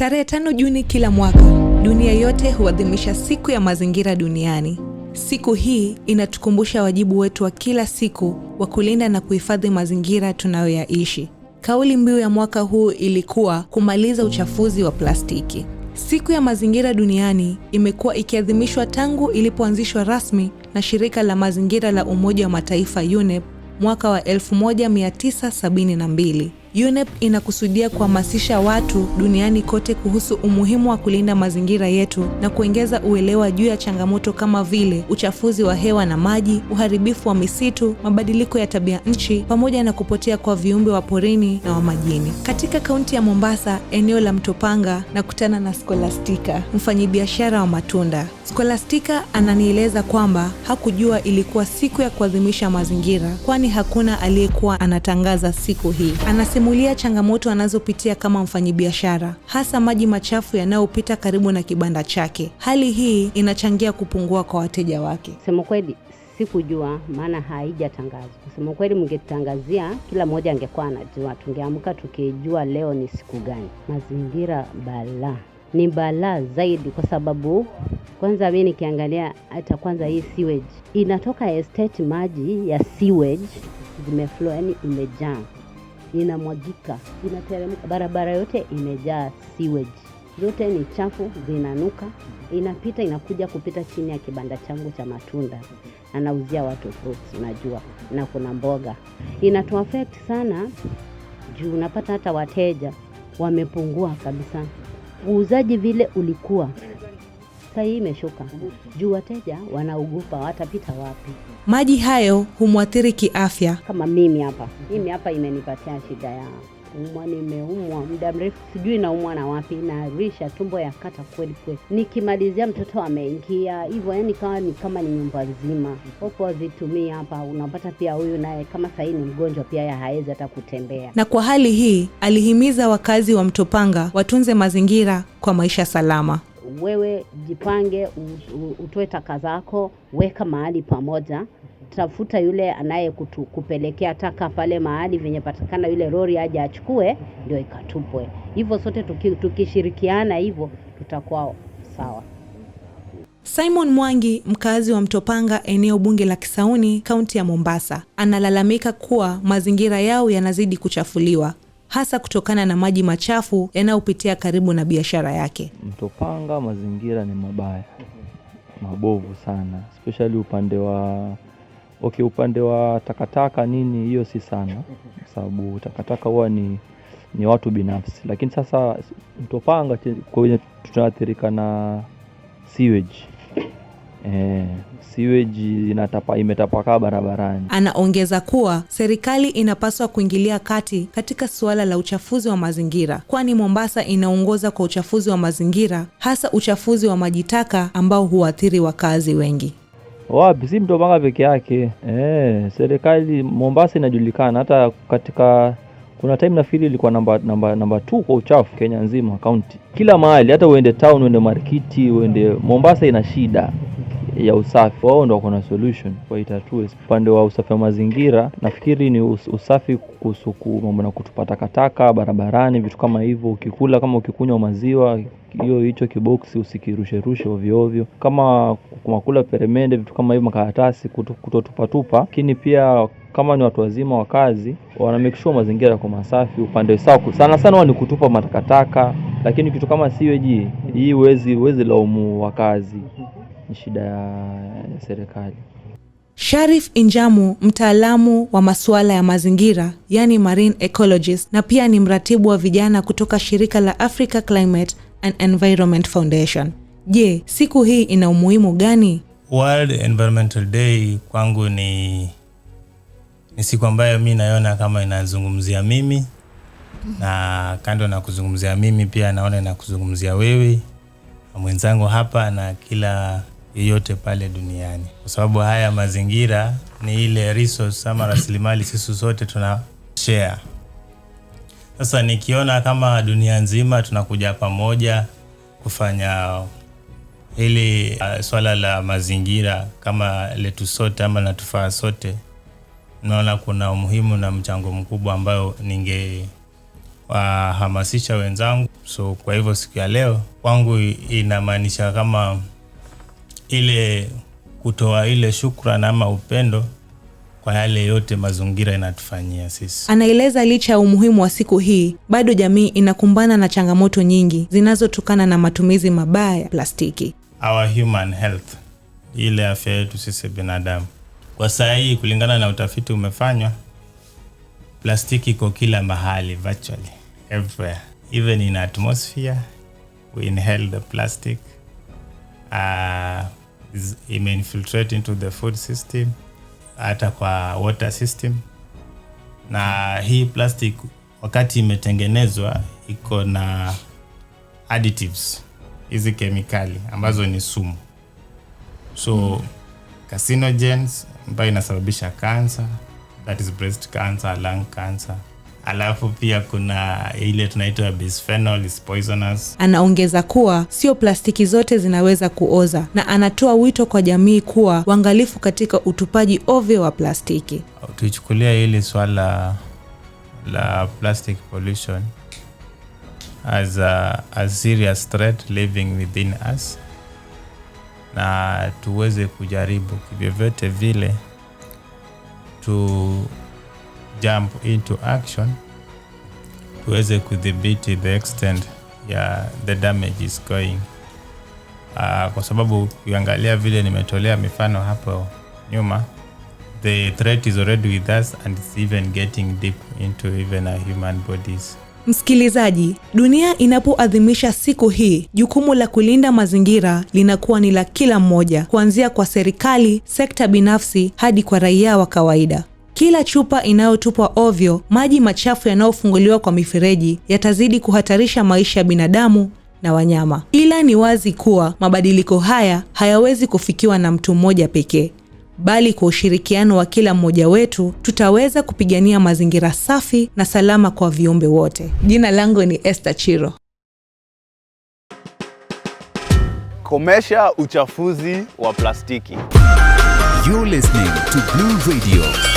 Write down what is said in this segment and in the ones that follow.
Tarehe tano Juni kila mwaka dunia yote huadhimisha siku ya mazingira duniani. Siku hii inatukumbusha wajibu wetu wa kila siku wa kulinda na kuhifadhi mazingira tunayoyaishi. Kauli mbiu ya mwaka huu ilikuwa kumaliza uchafuzi wa plastiki. Siku ya mazingira duniani imekuwa ikiadhimishwa tangu ilipoanzishwa rasmi na shirika la mazingira la Umoja wa Mataifa UNEP mwaka wa 1972. UNEP inakusudia kuhamasisha watu duniani kote kuhusu umuhimu wa kulinda mazingira yetu na kuongeza uelewa juu ya changamoto kama vile uchafuzi wa hewa na maji, uharibifu wa misitu, mabadiliko ya tabia nchi pamoja na kupotea kwa viumbe wa porini na wa majini. Katika kaunti ya Mombasa, eneo la Mtopanga, nakutana na Skolastika, mfanyibiashara wa matunda. Skolastika ananieleza kwamba hakujua ilikuwa siku ya kuadhimisha mazingira, kwani hakuna aliyekuwa anatangaza siku hii. Anasema anasimulia changamoto anazopitia kama mfanyibiashara, hasa maji machafu yanayopita karibu na kibanda chake. Hali hii inachangia kupungua kwa wateja wake. Sema kweli sikujua maana haijatangazwa. Kusema kweli, mngetutangazia kila mmoja angekuwa anajua, tungeamka tukijua leo ni siku gani. Mazingira balaa, ni balaa zaidi, kwa sababu kwanza mi nikiangalia hata kwanza hii sewage inatoka estate, maji ya sewage zimeflow, yani imejaa inamwagika, inateremka, barabara yote imejaa sewage, zote ni chafu, zinanuka. Inapita, inakuja kupita chini ya kibanda changu cha matunda, anauzia watu fruits, unajua, na kuna mboga. Inatu affect sana juu unapata hata wateja wamepungua kabisa. Uuzaji vile ulikuwa sasa hii imeshuka juu wateja wanaogopa watapita wapi. Maji hayo humwathiri kiafya. Kama mimi hapa, mimi hapa imenipatia shida ya kuumwa, nimeumwa muda mrefu, sijui naumwa na wapi, narisha tumbo ya kata kweli kweli, nikimalizia mtoto ameingia hivyo, yani kawa ni kama ni nyumba nzima hapo azitumia hapa. Unapata pia huyu naye kama sahii ni mgonjwa pia, ya haezi hata kutembea. Na kwa hali hii, alihimiza wakazi wa Mtopanga watunze mazingira kwa maisha salama wewe jipange, utoe taka zako, weka mahali pamoja, tafuta yule anayekupelekea taka pale mahali venye patikana, yule lori aje achukue, ndio ikatupwe. Hivyo sote tuki, tukishirikiana hivyo tutakuwa sawa. Simon Mwangi, mkazi wa Mtopanga, eneo bunge la Kisauni, kaunti ya Mombasa, analalamika kuwa mazingira yao yanazidi kuchafuliwa hasa kutokana na maji machafu yanayopitia karibu na biashara yake. Mto Panga mazingira ni mabaya, mabovu sana, especially upande wa okay, upande wa takataka nini, hiyo si sana, kwa sababu takataka huwa ni ni watu binafsi, lakini sasa Mto Panga kwenye tunaathirika na sewage eh, siweji inatapa, imetapakaa barabarani. Anaongeza kuwa serikali inapaswa kuingilia kati katika suala la uchafuzi wa mazingira, kwani Mombasa inaongoza kwa uchafuzi wa mazingira, hasa uchafuzi wa maji taka ambao huathiri wakazi wengi. Wapi, si Mtobanga peke yake. eh, serikali Mombasa inajulikana hata katika kuna time fili ilikuwa namba namba namba 2 kwa uchafu Kenya nzima, kaunti kila mahali, hata uende town, uende markiti, uende Mombasa ina shida ya usafi, wao ndo wako na solution kwa itatue upande wa usafi wa mazingira. Nafikiri ni usafi kuhusu mambo na kutupa takataka barabarani, vitu kama hivyo. Ukikula kama ukikunywa maziwa hiyo hicho kiboksi usikirusherushe ovyo ovyo, kama kumakula peremende, vitu kama hivyo, makaratasi kutotupatupa. Lakini pia kama ni watu wazima wa kazi, wana make sure mazingira yako masafi. Upande sako sana sana huwa ni kutupa matakataka, lakini kitu kama siweji hii huwezi huwezi laumu wakazi ni shida ya serikali. Sharif Injamu, mtaalamu wa masuala ya mazingira, yani marine ecologist, na pia ni mratibu wa vijana kutoka shirika la Africa Climate and Environment Foundation. Je, siku hii ina umuhimu gani? World Environmental Day kwangu ni, ni siku ambayo mi naiona kama inazungumzia mimi na kando na kuzungumzia mimi pia naona inakuzungumzia wewe na mwenzangu hapa na kila yeyote pale duniani, kwa sababu haya mazingira ni ile resource ama rasilimali sisi sote tuna share. Sasa nikiona kama dunia nzima tunakuja pamoja kufanya hili uh, swala la mazingira kama letu sote ama natufaa sote, naona kuna umuhimu na mchango mkubwa ambayo ningewahamasisha uh, wenzangu. So kwa hivyo siku ya leo kwangu inamaanisha kama ile kutoa ile shukran ama upendo kwa yale yote mazingira inatufanyia sisi. Anaeleza licha ya umuhimu wa siku hii, bado jamii inakumbana na changamoto nyingi zinazotokana na matumizi mabaya ya plastiki. Our human health, ile afya yetu sisi binadamu. Kwa saa hii, kulingana na utafiti umefanywa, plastiki iko kila mahali, virtually everywhere, even in atmosphere we inhale the plastic uh, imeinfiltrate into the food system, hata kwa water system. Na hii plastic wakati imetengenezwa iko na additives, hizi kemikali ambazo ni sumu, so mm. carcinogens ambayo inasababisha cancer, that is breast cancer, lung cancer Alafu pia kuna ile tunaitwa bisphenol is poisonous. Anaongeza kuwa sio plastiki zote zinaweza kuoza, na anatoa wito kwa jamii kuwa waangalifu katika utupaji ovyo wa plastiki. Tuichukulia hili swala la plastic pollution as a, a serious threat living within us, na tuweze kujaribu kivyovyote vile tu jump into action tuweze kudhibiti the extent ya the damage is going uh, kwa sababu ukiangalia vile nimetolea mifano hapo nyuma the threat is already with us and it's even getting deep into even our human bodies. Msikilizaji, dunia inapoadhimisha siku hii, jukumu la kulinda mazingira linakuwa ni la kila mmoja, kuanzia kwa serikali, sekta binafsi hadi kwa raia wa kawaida. Kila chupa inayotupwa ovyo, maji machafu yanayofunguliwa kwa mifereji yatazidi kuhatarisha maisha ya binadamu na wanyama. Ila ni wazi kuwa mabadiliko haya hayawezi kufikiwa na mtu mmoja pekee, bali kwa ushirikiano wa kila mmoja wetu tutaweza kupigania mazingira safi na salama kwa viumbe wote. Jina langu ni Esther Chiro. Komesha uchafuzi wa plastiki. You're listening to Blue Radio.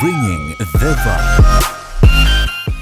bringing the vibe.